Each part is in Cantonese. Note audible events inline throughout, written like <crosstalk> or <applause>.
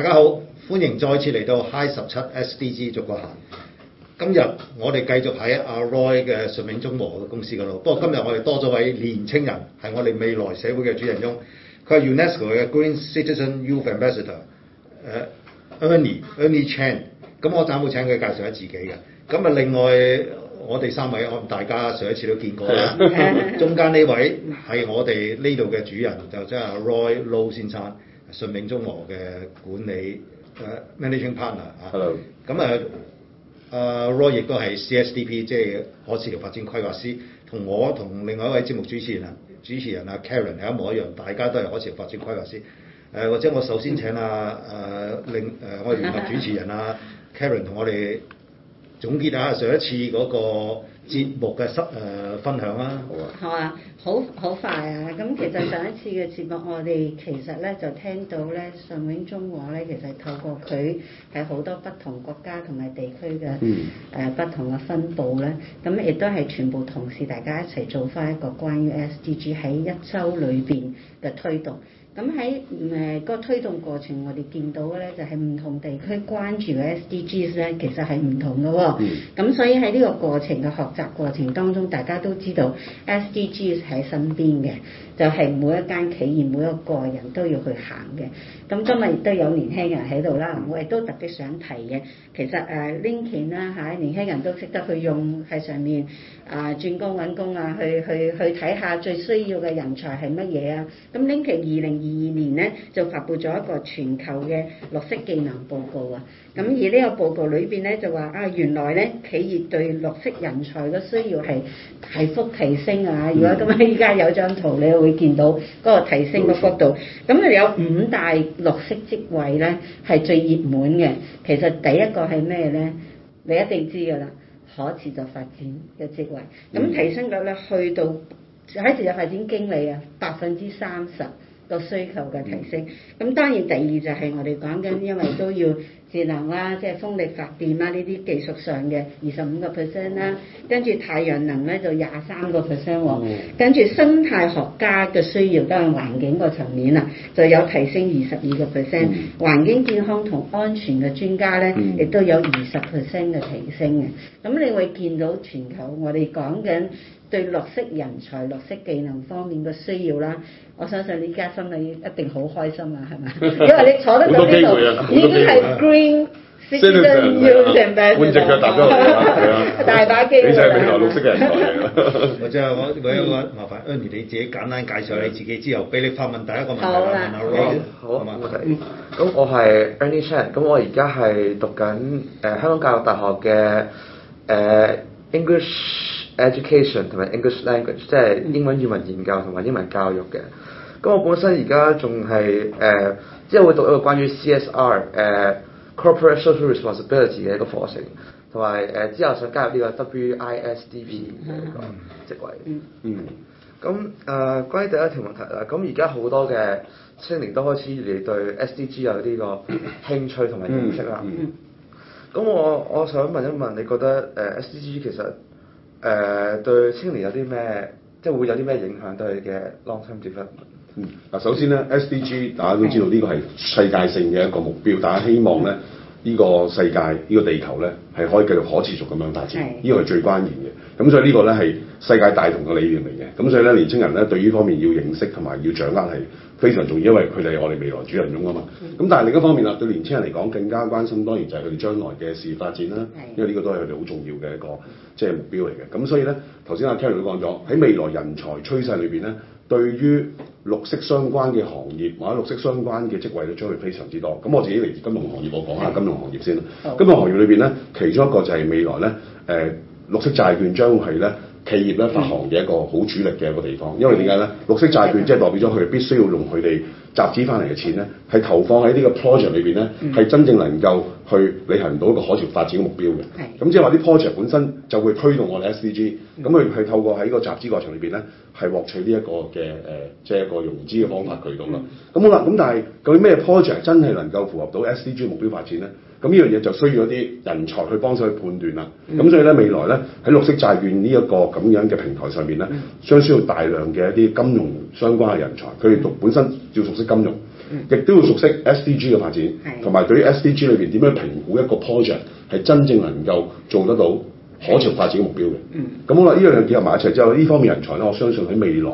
大家好，歡迎再次嚟到 Hi 十七 SDG，逐個行。今日我哋繼續喺阿 Roy 嘅順永中和嘅公司嗰度。不過今日我哋多咗位年青人，係我哋未來社會嘅主人翁。佢係 UNESCO 嘅 Green Citizen Youth Ambassador，誒 e u n i Euny Chan。咁、er er、我暫會請佢介紹下自己嘅。咁啊，另外我哋三位我大家上一次都見過啦。中間呢位係我哋呢度嘅主人，就即、是、係 Roy Low、oh、先生。順命中和嘅管理，誒、uh,，Managing Partner 啊、uh, Hello. 嗯，咁啊阿 Roy 亦都係 CSDP，即係可持續發展規劃師，同我同另外一位節目主持人，啊，主持人啊 Karen 係一模一樣，大家都係可持續發展規劃師。誒、uh,，或者我首先請啊，誒令誒我聯合主持人啊 Karen 同我哋總結下、啊、上一次嗰、那個。節目嘅失誒分享啊，好啊，好啊好，好快啊！咁其實上一次嘅節目，我哋其實咧就聽到咧，上永中華咧，其實透過佢喺好多不同國家同埋地區嘅誒不同嘅分佈咧，咁亦都係全部同事大家一齊做翻一個關於 SDG 喺一周裏邊嘅推動。咁喺誒個推動過程，我哋見到嘅咧就係唔同地區關注嘅 SDGs 咧，其實係唔同嘅喎。咁所以喺呢個過程嘅學習過程當中，大家都知道 SDGs 喺身邊嘅。就係每一間企業，每一個人都要去行嘅。咁今日亦都有年輕人喺度啦，我亦都特別想提嘅。其實誒、啊，LinkedIn 啦嚇、啊，年輕人都識得去用喺上面啊，轉工揾工啊，去去去睇下最需要嘅人才係乜嘢啊。咁 LinkedIn 二零二二年呢，就發布咗一個全球嘅綠色技能報告啊。咁而呢個報告裏邊呢，就話啊，原來呢企業對綠色人才嘅需要係大幅提升啊。如果咁樣依家有張圖你會，會見到嗰個提升嘅幅度，咁你有五大綠色職位咧係最熱門嘅。其實第一個係咩咧？你一定知噶啦，可持續發展嘅職位，咁提升率咧去到可持續發展經理啊，百分之三十個需求嘅提升，咁當然第二就係我哋講緊，因為都要智能啦，即係風力發電啦，呢啲技術上嘅二十五個 percent 啦，跟住太陽能咧就廿三個 percent 喎，跟住生態學家嘅需要都係環境個層面啊，就有提升二十二個 percent，環境健康同安全嘅專家咧亦都有二十 percent 嘅提升嘅，咁你會見到全球我哋講緊。對綠色人才、綠色技能方面嘅需要啦，我相信你依家心裏一定好開心啊，係咪？因為你坐得到呢度，已經係 green sector 要成百千。換隻腳打多啲啊！大把機會啊！你就係未來綠色人才。或者我我有個麻煩，Annie 你自己簡單介紹你自己之後，俾你發問第一個問題好啦，好，咁我係 Annie Chan，咁我而家係讀緊誒香港教育大學嘅誒 English。Education 同埋 English Language，即係英文語文研究同埋英文教育嘅。咁我本身而家仲係誒，之、呃、後會讀一個關於 CSR 誒、呃、corporate social responsibility 嘅一個課程，同埋誒之後想加入呢個 WISDP 嘅一個職位。嗯咁誒、嗯呃，關於第一條問題啦，咁而家好多嘅青年都開始嚟對 SDG 有呢個興趣同埋認識啦、嗯。嗯咁我我想問一問，你覺得誒、呃、SDG 其實，誒、呃、對青年有啲咩，即係會有啲咩影響？對佢嘅 long-term development？嗯，嗱首先咧，SDG 大家都知道呢個係世界性嘅一個目標，大家希望咧。嗯呢個世界，呢個地球咧，係可以繼續可持續咁樣發展，呢是個係最關鍵嘅。咁所以呢個咧係世界大同嘅理念嚟嘅。咁所以咧，年青人咧對呢方面要認識同埋要掌握係非常重要，因為佢哋係我哋未來主人翁啊嘛。咁但係另一方面啦，對年青人嚟講更加關心當然就係佢哋將來嘅事業發展啦，是因為呢個都係佢哋好重要嘅一個即係目標嚟嘅。咁所以咧，頭先阿 Taylor 都講咗喺未來人才趨勢裏邊咧。對於綠色相關嘅行業或者綠色相關嘅職位咧，將會非常之多。咁我自己嚟自金融行業，我講下金融行業先啦。金融行業裏邊咧，其中一個就係未來咧，誒、呃、綠色債券將會係咧企業咧發行嘅一個好主力嘅一個地方。因為點解咧？綠色債券即係代表咗佢必須要用佢哋。集資翻嚟嘅錢咧，係投放喺呢個 project 裏邊咧，係真正能夠去履行到一個可持續發展嘅目標嘅。係，咁即係話啲 project 本身就會推動我哋 SDG，咁佢係透過喺個集資過程裏邊咧，係獲取呢一個嘅誒，即、呃、係、就是、一個融資嘅方法佢咁啦。咁好啦，咁但係究竟咩 project 真係能夠符合到 SDG 目標發展咧？咁呢樣嘢就需要一啲人才去幫手去判斷啦。咁、嗯、所以咧，未來咧喺綠色債券呢一個咁樣嘅平台上面咧，將需要大量嘅一啲金融相關嘅人才。佢哋讀本身要熟悉金融，嗯、亦都要熟悉 SDG 嘅發展，同埋對於 SDG 裏邊點樣評估一個 project 係真正能夠做得到可持續發展嘅目標嘅。咁、嗯嗯、好啦，呢兩樣嘢結合埋一齊之後，呢方面人才咧，我相信喺未來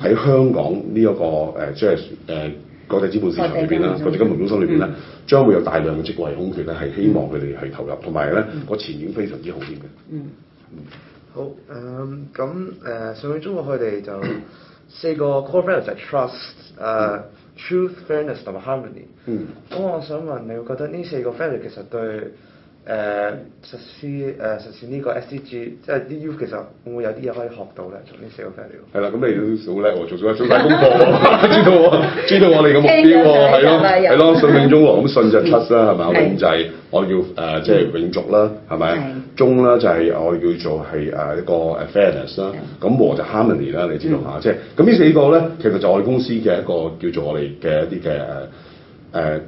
喺香港呢、這、一個誒將誒。呃呃呃呃呃呃國際資本市場裏邊啦，國際金融中心裏邊啦，面嗯、將會有大量嘅職位空缺啦，係希望佢哋去投入，同埋咧個前景非常之好啲嘅。嗯。嗯好，誒咁誒，uh, 上面中國佢哋就 <coughs> 四個 core values 係 trust、uh,、誒 truth、fairness 同埋 harmony。嗯。咁我想問你，會覺得呢四個 values 其實對？誒、uh, 實施誒、呃、實踐呢個 SDG，即係啲 U 其實會唔會有啲嘢可以學到咧？從呢四個方面。係啦，咁你 <laughs> 都好叻喎，做咗做曬功課，知道喎，知道我哋嘅目標喎，係咯 <laughs> 心，係咯，順命中和咁 <laughs> 順就 trust 啦，係咪的？我控制，我要誒即係永續啦，係咪？的中啦就係、是、我要做係誒一個 fairness 啦，咁 <laughs> 和就 harmony 啦，你知道下，即係咁呢四個咧，其實就我哋公司嘅一個叫做我哋嘅一啲嘅誒誒。呃呃嗯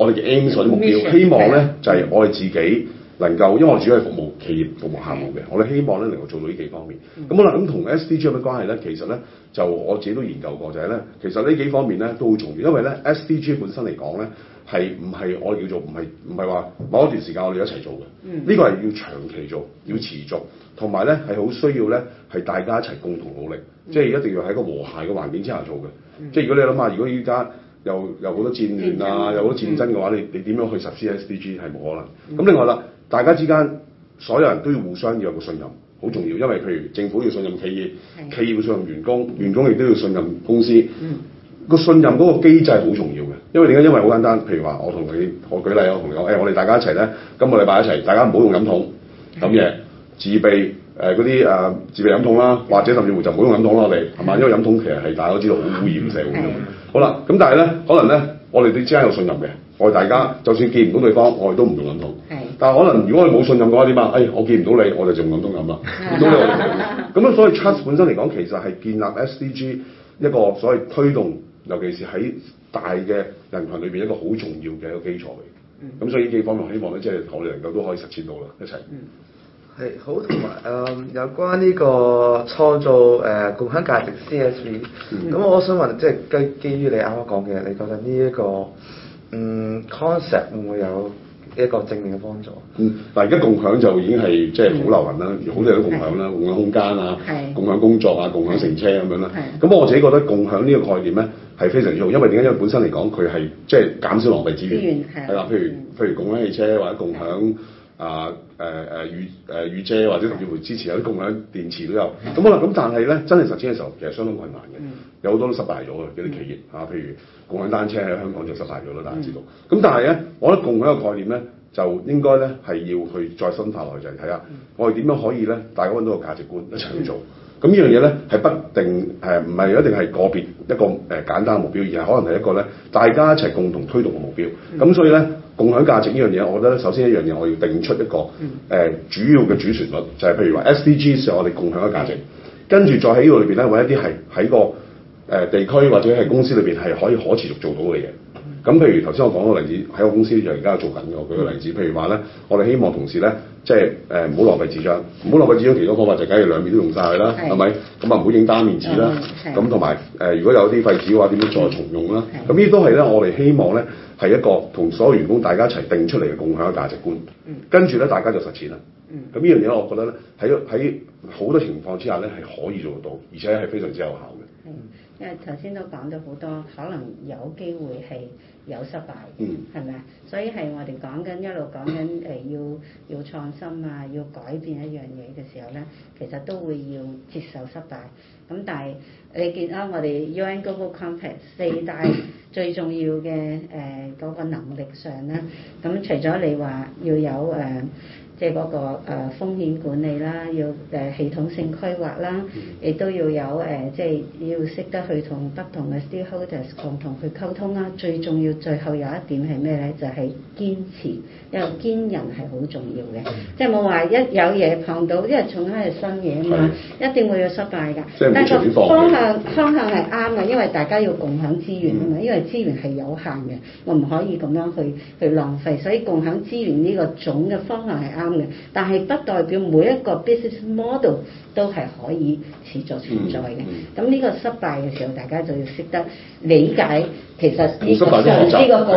我哋嘅 aims 嗰啲目標，希望咧就係、是、我哋自己能夠，因為我哋主要係服務企業、服務客戶嘅，我哋希望咧能夠做到呢幾方面。咁、嗯、好啦，咁同 SDG 有咩關係咧？其實咧就我自己都研究過就呢，就係咧其實呢幾方面咧都好重要，因為咧 SDG 本身嚟講咧係唔係我哋叫做唔係唔係話某一段時間我哋一齊做嘅，呢、嗯、個係要長期做，要持續，同埋咧係好需要咧係大家一齊共同努力，嗯、即係一定要喺一個和諧嘅環境之下做嘅。嗯、即係如果你諗下，如果依家又有好多戰亂啊，又有好多戰爭嘅話，嗯、你你點樣去實施 SDG 係冇可能。咁、嗯、另外啦，大家之間所有人都要互相要有個信任，好重要。因為譬如政府要信任企業，嗯、企業要信任員工，員工亦都要信任公司。個、嗯、信任嗰個機制好重要嘅。因為點解？因為好簡單。譬如話，我同你我舉例，我同你講，誒、哎，我哋大家一齊咧，今個禮拜一齊，大家唔好用飲桶咁嘢、嗯，自備誒嗰啲誒自備飲桶啦，或者甚至乎就唔好用飲桶啦，我哋係嘛？嗯嗯、因為飲桶其實係大家都知道好污染社會、嗯嗯嗯好啦，咁但係咧，可能咧，我哋對之間有信任嘅，我哋大家就算見唔到對方，我哋都唔用諗通。係是。但係可能如果係冇信任嘅話，點啊？誒，我見唔到你，我哋就唔諗通咁啦。係。 <laughs> 見到你，咁樣 <laughs> 所以 Trust 本身嚟講，其實係建立 SDG 一個所謂推動，尤其是喺大嘅人群裏邊一個好重要嘅一個基礎嚟。咁、嗯、所以呢幾方面希望咧，即係我哋能夠都可以實踐到啦，一齊。嗯。係好，同埋誒有關呢個創造誒、呃、共享價值 CSV、嗯。咁我想問，即係基基於你啱啱講嘅，你覺得呢、這、一個嗯 concept 會唔會有一個正面嘅幫助？嗯，嗱而家共享就已經係即係好流行啦，好多人都共享啦，的共享空間啊，的共享工作啊，共享乘車咁樣啦。係的。咁我自己覺得共享呢個概念咧係非常之好，因為點解？因為本身嚟講，佢係即係減少浪費資源。資源係。係啦，譬如譬如，如共享汽車或者共享。的啊誒誒雨誒、呃、雨遮或者雨梅支持有啲共享電池都有咁好啦，咁、嗯嗯、但係咧真係實踐嘅時候，其實相當困難嘅，嗯、有好多都失敗咗嘅有啲企業嚇、啊，譬如共享單車喺香港就失敗咗啦，大家知道。咁、嗯嗯、但係咧，我覺得共享嘅概念咧，就應該咧係要去再深化落去，就係睇下我哋點樣可以咧，大家揾到個價值觀一齊去做。嗯嗯。咁呢樣嘢咧係不定誒，唔、呃、係一定係個別一個、呃、簡單嘅目標，而係可能係一個咧大家一齊共同推動嘅目標。咁、嗯、所以咧，共享價值呢樣嘢，我覺得首先一樣嘢，我要定出一個誒、呃、主要嘅主旋律，就係、是、譬如話 S D G 是我哋共享嘅價值，嗯、跟住再喺呢度裏邊咧揾一啲係喺個誒地區或者係、呃、公司裏邊係可以可持續做到嘅嘢。咁譬如頭先我講個例子，喺我公司就而家做緊嘅，我舉個例子，譬如話咧，我哋希望同事咧，即係誒唔好浪費紙張，唔好浪費紙張，其中方法就梗係兩面都用晒佢啦，係咪是？咁啊唔好影單面紙啦，咁同埋誒如果有啲廢紙嘅話，點樣再重用啦？咁、嗯、呢都係咧，我哋希望咧係一個同所有員工大家一齊定出嚟嘅共享嘅價值觀，嗯、跟住咧大家就實踐啦。咁呢、嗯、樣嘢我覺得咧喺喺好多情況之下咧係可以做得到，而且係非常之有效嘅。嗯因為頭先都講咗好多，可能有機會係有失敗，係咪啊？所以係我哋講緊一路講緊誒，要要創新啊，要改變一樣嘢嘅時候咧，其實都會要接受失敗。咁但係你見啦，我哋 UN Global Compact 四大最重要嘅誒嗰個能力上咧，咁除咗你話要有誒。呃即係嗰個誒風險管理啦，要誒系統性規劃啦，亦都要有誒、呃，即係要識得去同不同嘅 stakeholders 共同去溝通啦。最重要最後有一點係咩咧？就係、是、堅持，因為堅忍係好重要嘅。即係冇話一有嘢碰到，因為總係係新嘢啊嘛，是一定會有失敗㗎。但係個方向、嗯、方向係啱嘅，因為大家要共享資源啊嘛，嗯、因為資源係有限嘅，我唔可以咁樣去去浪費，所以共享資源呢個總嘅方向係啱。但係不代表每一個 business model 都係可以持續存在嘅。咁呢、嗯嗯、個失敗嘅時候，大家就要識得理解，其實呢個從過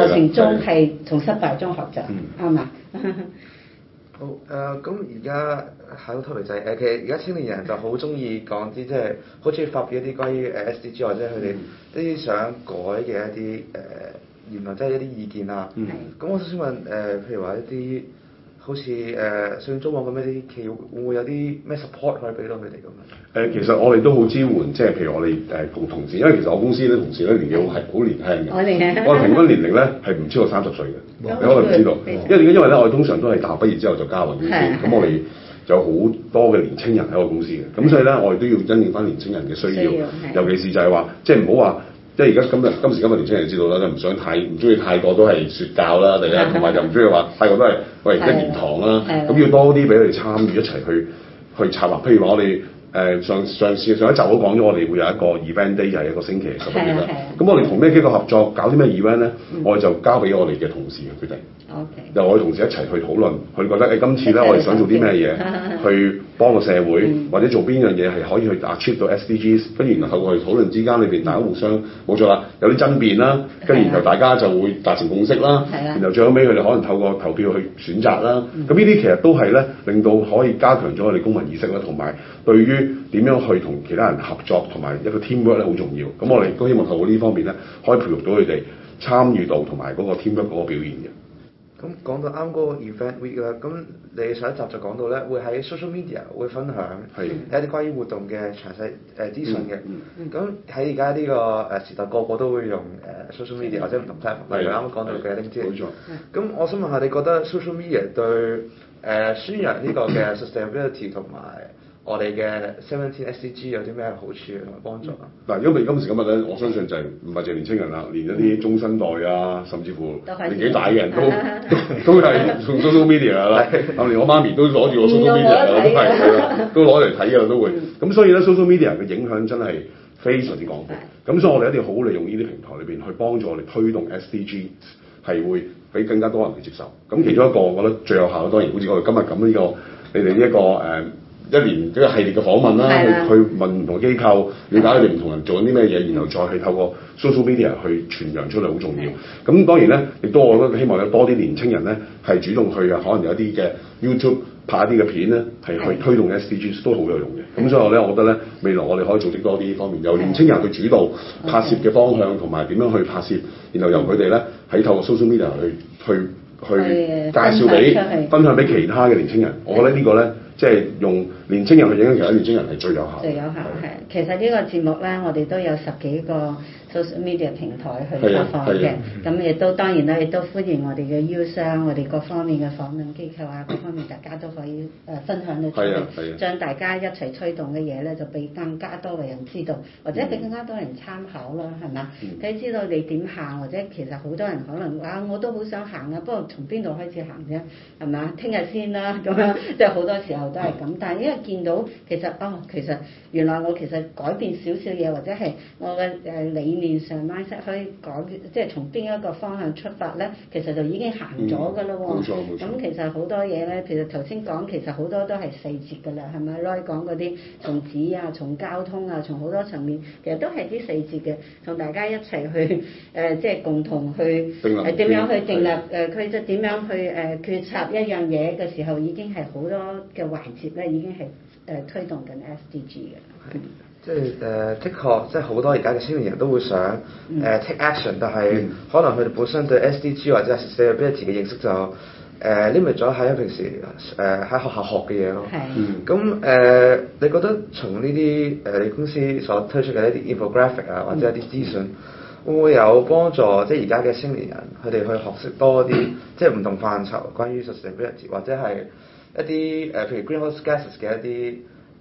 程中係從失敗中學習，係嘛、嗯吧嗯？好誒，咁而家考度 topic 仔誒，其實而家青年人就好鍾意講啲即係好鍾意發表一啲關於誒 SDG 或者佢哋啲想改嘅一啲誒言論，即、呃、係一啲意見啊。咁、嗯、我想問誒、呃，譬如話一啲。好似誒上中網咁樣啲企業會唔會有啲咩 support 可以俾到佢哋咁啊？誒、呃，其實我哋都好支援，即係譬如我哋誒共同事，因為其實我公司啲同事咧年紀好係好年輕嘅， <laughs> 我哋平均年齡咧係唔超過三十歲嘅， <laughs> 你可能唔知道， <laughs> 因為因為咧 <laughs> 我哋通常都係大學畢業之後就加運 <laughs> 就公司，咁我哋有好多嘅年輕人喺我公司嘅，咁所以咧 <laughs> 我哋都要因應付翻年輕人嘅需要， <laughs> 尤其是就係話即係唔好話，即係而家今日今時今日年輕人知道啦， <laughs> 就唔想太唔中意太過都係説教啦，第一，同埋又唔中意話太過都係。喂，一言堂啦、啊，咁要多啲俾佢哋參與一齊去去策劃，譬如話我哋。誒、呃、上上次上一集我都講咗，我哋會有一個 event day，就係一個星期十。咁我哋同咩機構合作，搞啲咩 event 咧？嗯、我哋就交俾我哋嘅同事去決定。由、嗯、我哋同事一齊去討論，佢覺得誒、欸、今次咧，的我哋想做啲咩嘢， <laughs> 去幫個社會，嗯、或者做邊樣嘢係可以去 achieve 到 SDGs。跟然後我哋討論之間裏邊大家互相冇錯啦，有啲爭辯啦，跟然後大家就會達成共識啦。的然後最後尾，佢哋可能透過投票去選擇啦。咁呢啲其實都係咧，令到可以加強咗我哋公民意識啦，同埋對於，點樣去同其他人合作，同埋一個 teamwork 咧好重要。咁我哋都希望透過呢方面咧，可以培育到佢哋參與到同埋嗰個 teamwork 嗰個表現嘅。咁講、嗯嗯、到啱嗰個 event week 啦，咁你上一集就講到咧，會喺 social media 會分享一啲關於活動嘅詳細誒資訊嘅。咁喺而家呢個誒時代，個個都會用誒 social media，嗯、或者唔同 platform 例如啱啱講到嘅 LinkedIn 冇錯。咁我想問下你覺得 social media 對誒宣揚呢個嘅 sustainability 同埋？ <coughs> 我哋嘅 seventeen S D G 有啲咩好處同埋幫助啊？嗱、嗯，因為今時今日咧，我相信就係唔係淨係年青人啦，連一啲中生代啊，甚至乎年紀大嘅人都、嗯、都係 social media 啦。連我媽咪都攞住我 social media，都係是都攞嚟睇啊，都會咁。嗯、所以咧，social media 嘅影響真係非常之廣闊。咁的所以，我哋一定要好利用呢啲平台裏邊去幫助我哋推動 S D G，係會俾更加多人去接受。咁其中一個，我覺得最有效嘅，當然好似我哋今日咁呢個，你哋呢一個誒。嗯嗯一年一個系列嘅訪問啦，去去問唔同機構，瞭解佢哋唔同人做緊啲咩嘢，然後再去透過 social media 去傳揚出嚟，好重要。咁當然咧，亦都我覺得希望有多啲年青人咧係主動去啊，可能有啲嘅 YouTube 拍一啲嘅片咧，係去推動 SDGs 都好有用嘅。咁所以咧，我覺得咧，未來我哋可以組織多啲方面，由年青人去主導拍攝嘅方向同埋點樣去拍攝，然後由佢哋咧喺透過 social media 去去去介紹俾分享俾其他嘅年青人。我覺得呢個咧。即係用年青人去影響其他年青人係最，最有效，最有效係。其實個呢個節目咧，我哋都有十幾個。media 平台去播放嘅，咁亦、啊啊、都當然啦，亦都歡迎我哋嘅友商，我哋各方面嘅訪問機構啊，各方面大家都可以誒、呃、分享到出去，將、啊啊、大家一齊推動嘅嘢咧，就俾更加多嘅人知道，或者俾更加多人參考啦，係嘛？佢、嗯、知道你點行，或者其實好多人可能啊，我都好想行啊，不過從邊度開始行啫？係嘛？聽日先啦，咁樣，即係好多時候都係咁。啊、但係因為見到其實哦，其實原來我其實改變少少嘢，或者係我嘅誒理念。線上模式可以講，即係從邊一個方向出發咧，其實就已經行咗噶咯喎。冇錯冇錯。咁其實好多嘢咧，其實頭先講其實好多都係細節噶啦，係咪？攞嚟講嗰啲從紙啊，從交通啊，從好多層面，其實都係啲細節嘅。同大家一齊去誒、呃，即係共同去誒點陸、啊、樣去定立誒，佢、啊、就係點樣去誒、呃、決策一樣嘢嘅時候，已經係好多嘅環節咧，已經係誒、呃、推動緊 S D G 嘅。嗯即係誒、呃、的確，即係好多而家嘅青年人都會想誒、嗯呃、take action，但係、嗯、可能佢哋本身對 SDG 或者係 sustainability 嘅認識就誒 limit 咗喺平時誒喺、呃、學校學嘅嘢咯。咁誒、嗯呃，你覺得從呢啲誒你公司所推出嘅一啲 infographic 啊，或者一啲資訊，嗯、會唔會有幫助？即係而家嘅青年人，佢哋去學識多啲，即係唔同範疇關於 sustainability 或者係一啲誒譬如 greenhouse gases 嘅一啲。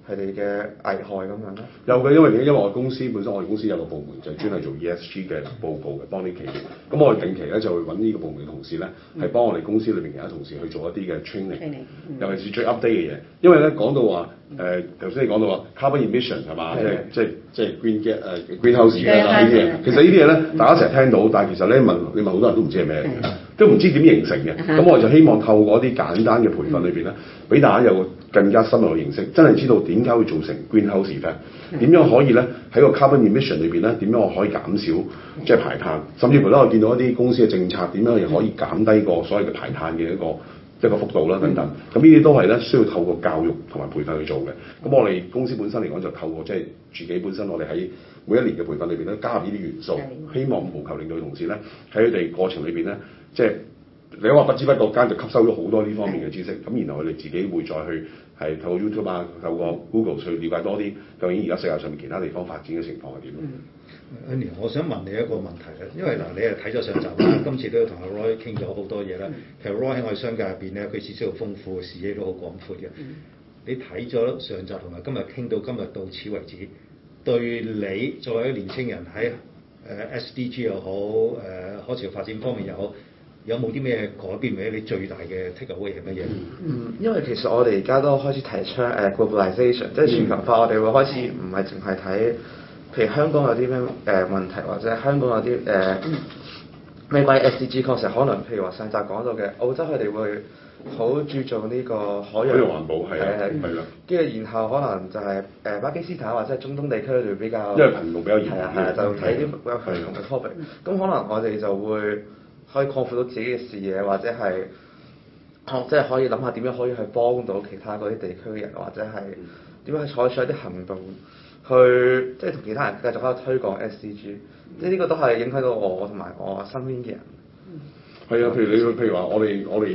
係你嘅危害咁樣咯，有嘅，因為而家因為我公司本身，我哋公司有個部門就專係做 ESG 嘅報告嘅，幫啲企業。咁我哋定期咧就會揾呢個部門嘅同事咧，係幫我哋公司裏邊其他同事去做一啲嘅 training，尤其是最 update 嘅嘢。因為咧講到話誒，頭先你講到話 carbon emission 係嘛，即係即係即係 green gas 誒 green house gas 呢啲嘢。其實呢啲嘢咧，大家成日聽到，但係其實咧，問你問好多人都唔知係咩嚟嘅，都唔知點形成嘅。咁我就希望透過一啲簡單嘅培訓裏邊咧，俾大家有更加深入嘅認識，真係知道點解會做成 greenhouse effect，點樣可以咧喺個 carbon emission 裏邊咧，點樣我可以減少即係排碳，甚至乎咧我見到一啲公司嘅政策，點樣又可以減低個所謂嘅排碳嘅一個即係幅度啦等等。咁呢啲都係咧需要透過教育同埋培訓去做嘅。咁我哋公司本身嚟講就透過即係自己本身，我哋喺每一年嘅培訓裏邊咧加入呢啲元素，希望無求領導嘅同事咧喺佢哋過程裏邊咧即係。你話不知不覺間就吸收咗好多呢方面嘅知識，咁然後佢哋自己會再去係透過 YouTube 啊、透過，過 Google 去了解多啲究竟而家世界上面其他地方發展嘅情況係點 a n 我想問你一個問題啦，因為嗱你係睇咗上集啦， <coughs> 今次都同阿 Roy 傾咗好多嘢啦。其實 Roy 喺我哋商界入邊咧，佢事識好豐富，事野都好廣闊嘅。嗯、你睇咗上集同埋今日傾到今日到此為止，對你作為一個年輕人喺誒 SDG 又好，誒可持續發展方面又好。有冇啲咩改變？畀你最大嘅 takeaway 係乜嘢？嗯，因為其實我哋而家都開始提出誒、uh, globalization 即係全球化。我哋會開始唔係淨係睇，嗯、譬如香港有啲咩誒問題，或者香港有啲誒咩 b SDG。確、呃、實、嗯、可能，譬如話上集講到嘅澳洲，佢哋會好注重呢個海洋。海洋環保係啊，係啦、嗯。跟住然後可能就係、是、誒、呃、巴基斯坦或者係中東地區會比較，因為貧窮比較嚴重係啊係啊，啊嗯、就睇啲比較貧窮嘅 topic。咁可能我哋就會。可以擴闊到自己嘅視野，或者係即係可以諗下點樣可以去幫到其他嗰啲地區嘅人，或者係點樣去採取一啲行動去即係同其他人繼續喺度推廣 SCG，即係呢個都係影響到我同埋我身邊嘅人。係啊、嗯，譬、嗯、如你譬如話，我哋我哋誒誒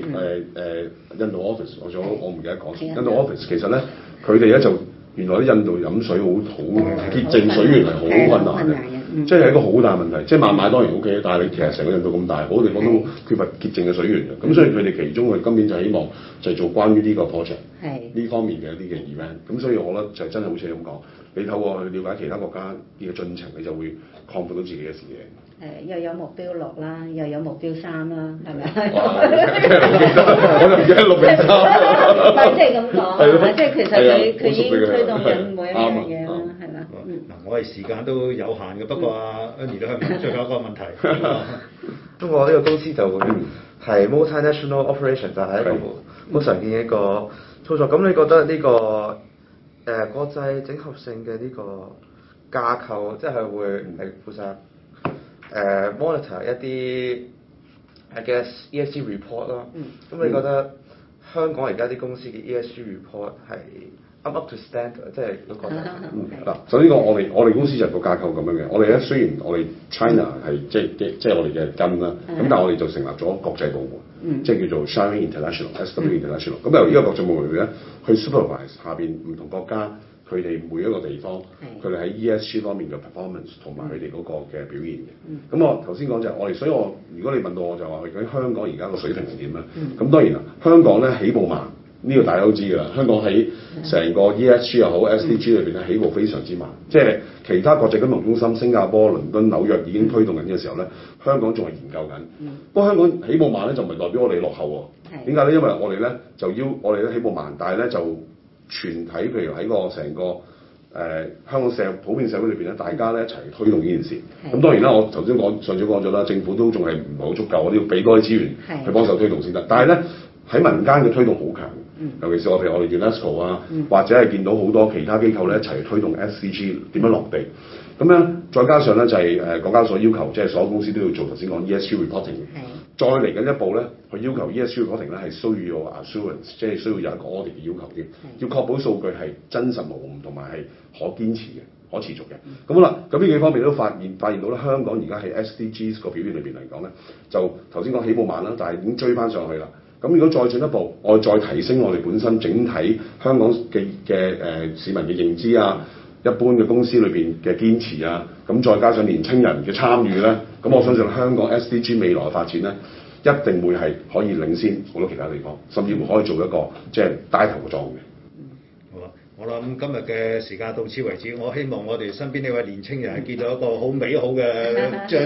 印度 office，我想我唔記得講。嗯、印度 office 其實咧，佢哋咧就原來啲印度飲水好好潔淨水源係好困難嘅。即係一個好大問題，即係孟買當然 OK，但係你其實成個印度咁大，好多地方都缺乏潔淨嘅水源嘅，咁所以佢哋其中嘅今年就希望就做關於呢個 project，呢方面嘅一啲嘅 event。咁所以我覺得就真係好似咁講，你透過去了解其他國家呢個進程，你就會擴闊到自己嘅視野。誒，又有目標六啦，又有目標三啦，係咪啊？即係六即係咁講，即係其實佢佢已經推動緊每一樣嘢。嗱，我哋時間都有限嘅，不過阿 Andy 都係最後一個問題。中國呢個公司就係 multi-national operation 就係一個好常見嘅一個操作。咁、嗯、你覺得呢、這個誒、呃、國際整合性嘅呢個架構，即係會唔係負責？monitor 一啲 I guess, ES g e s s ESG report 啦。嗯。咁你覺得香港而家啲公司嘅 ESG report 係？up to standard 即係嗱，首先個我哋我哋公司就個架構咁樣嘅。我哋咧，雖然我哋 China 係即係即係我哋嘅根啦，咁但係我哋就成立咗國際部門，即係叫做 Shining International、S W International。咁由呢個國際部門咧，去 supervise 下邊唔同國家佢哋每一個地方，佢哋喺 E S G 方面嘅 performance 同埋佢哋嗰個嘅表現嘅。咁我頭先講就係我哋，所以我如果你問到我就話，香港而家個水平係點咧？咁當然啦，香港咧起步慢。呢個大家都知㗎啦，香港喺成個 ESG 又好，SDG 裏邊咧起步非常之慢，嗯、即係其他國際金融中心新加坡、倫敦、紐約已經推動緊嘅時候咧，香港仲係研究緊。不過、嗯、香港起步慢咧就唔係代表我哋落後喎。點解咧？因為我哋咧就要我哋咧起步慢，但係咧就全體譬如喺個成個誒、呃、香港社普遍社會裏邊咧，大家咧一齊推動呢件事。咁、嗯、當然啦，嗯嗯、我頭先講上次講咗啦，政府都仲係唔係好足夠，我都要俾多啲資源去幫手、嗯、推動先得。但係咧喺民間嘅推動好強。尤其是我哋我哋 UNESCO 啊、嗯，或者係見到好多其他機構咧一齊推動 SDG 點樣落地，咁樣再加上咧就係誒國家所要求，即係所有公司都要做頭先講 ESG reporting 的。再嚟緊一步咧，佢要求 ESG reporting 咧係需要有 assurance，即係需要有一個 audit 嘅要求添，的要確保數據係真實無誤同埋係可堅持嘅、可持續嘅。咁的好啦，咁呢幾方面都發現發現到咧，香港而家喺 SDGs 個表現裏邊嚟講咧，就頭先講起步慢啦，但係已經追翻上去啦。咁如果再進一步，我再提升我哋本身整體香港嘅嘅誒市民嘅認知啊，一般嘅公司裏邊嘅堅持啊，咁再加上年青人嘅參與咧，咁我相信香港 SDG 未來嘅發展咧，一定會係可以領先好多其他地方，甚至乎可以做一個即係帶頭嘅狀元。好啦，咁今日嘅時間到此為止，我希望我哋身邊呢位年青人係見到一個好美好嘅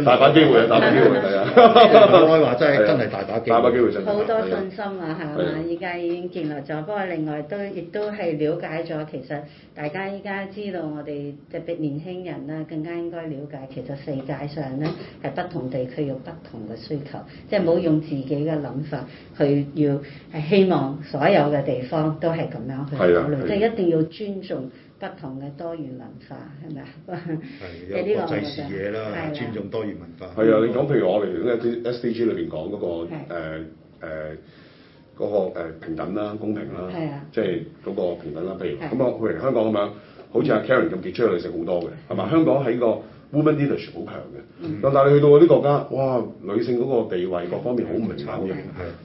大把機會，大把機會係啊！我話真係真係大把機會，好多信心啊嚇嘛！依家已經建立咗， <music> 不過另外都亦都係了解咗，其實大家依家知道我哋特別年輕人啦、啊，更加應該了解其實世界上咧係不同地區有不同嘅需求，即係冇用自己嘅諗法去要係希望所有嘅地方都係咁樣去考慮，即係一定要。 <music> 尊重不同嘅多元文化，係咪啊？係，有 <laughs> 國際視野啦，的尊重多元文化。係啊，你講譬如我哋嗰啲 SDG 裏邊講嗰個誒誒嗰個、呃、平等啦、公平啦，即係嗰個平等啦。譬如咁啊，譬的如，如香港咁樣，好似阿 Karen 咁傑出嘅女性好多嘅，係咪啊？香港喺個。Woman leadership 好強嘅，咁但係你去到嗰啲國家，哇，女性嗰個地位各方面好唔平等嘅，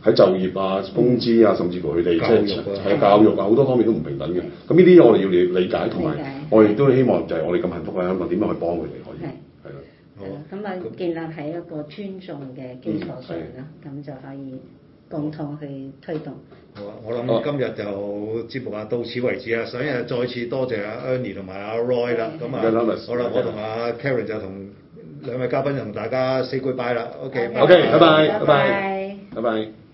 喺就業啊、工資啊，甚至乎佢哋即係喺教育啊好多方面都唔平等嘅。咁呢啲嘢我哋要理理解同埋，我亦都希望就係我哋咁幸福嘅香港點樣去幫佢哋可以係咯。好，咁啊，建立喺一個尊重嘅基礎上面啦，咁就可以共同去推動。好啊，我諗今日就節目啊到此為止。e 嗯、啊，所以再次多謝啊 Annie 同埋啊 Roy 啦，咁啊了，好啦，我同啊 Karen 就同兩位嘉賓就同大家 say goodbye 啦，OK，OK，拜拜，拜拜，拜拜。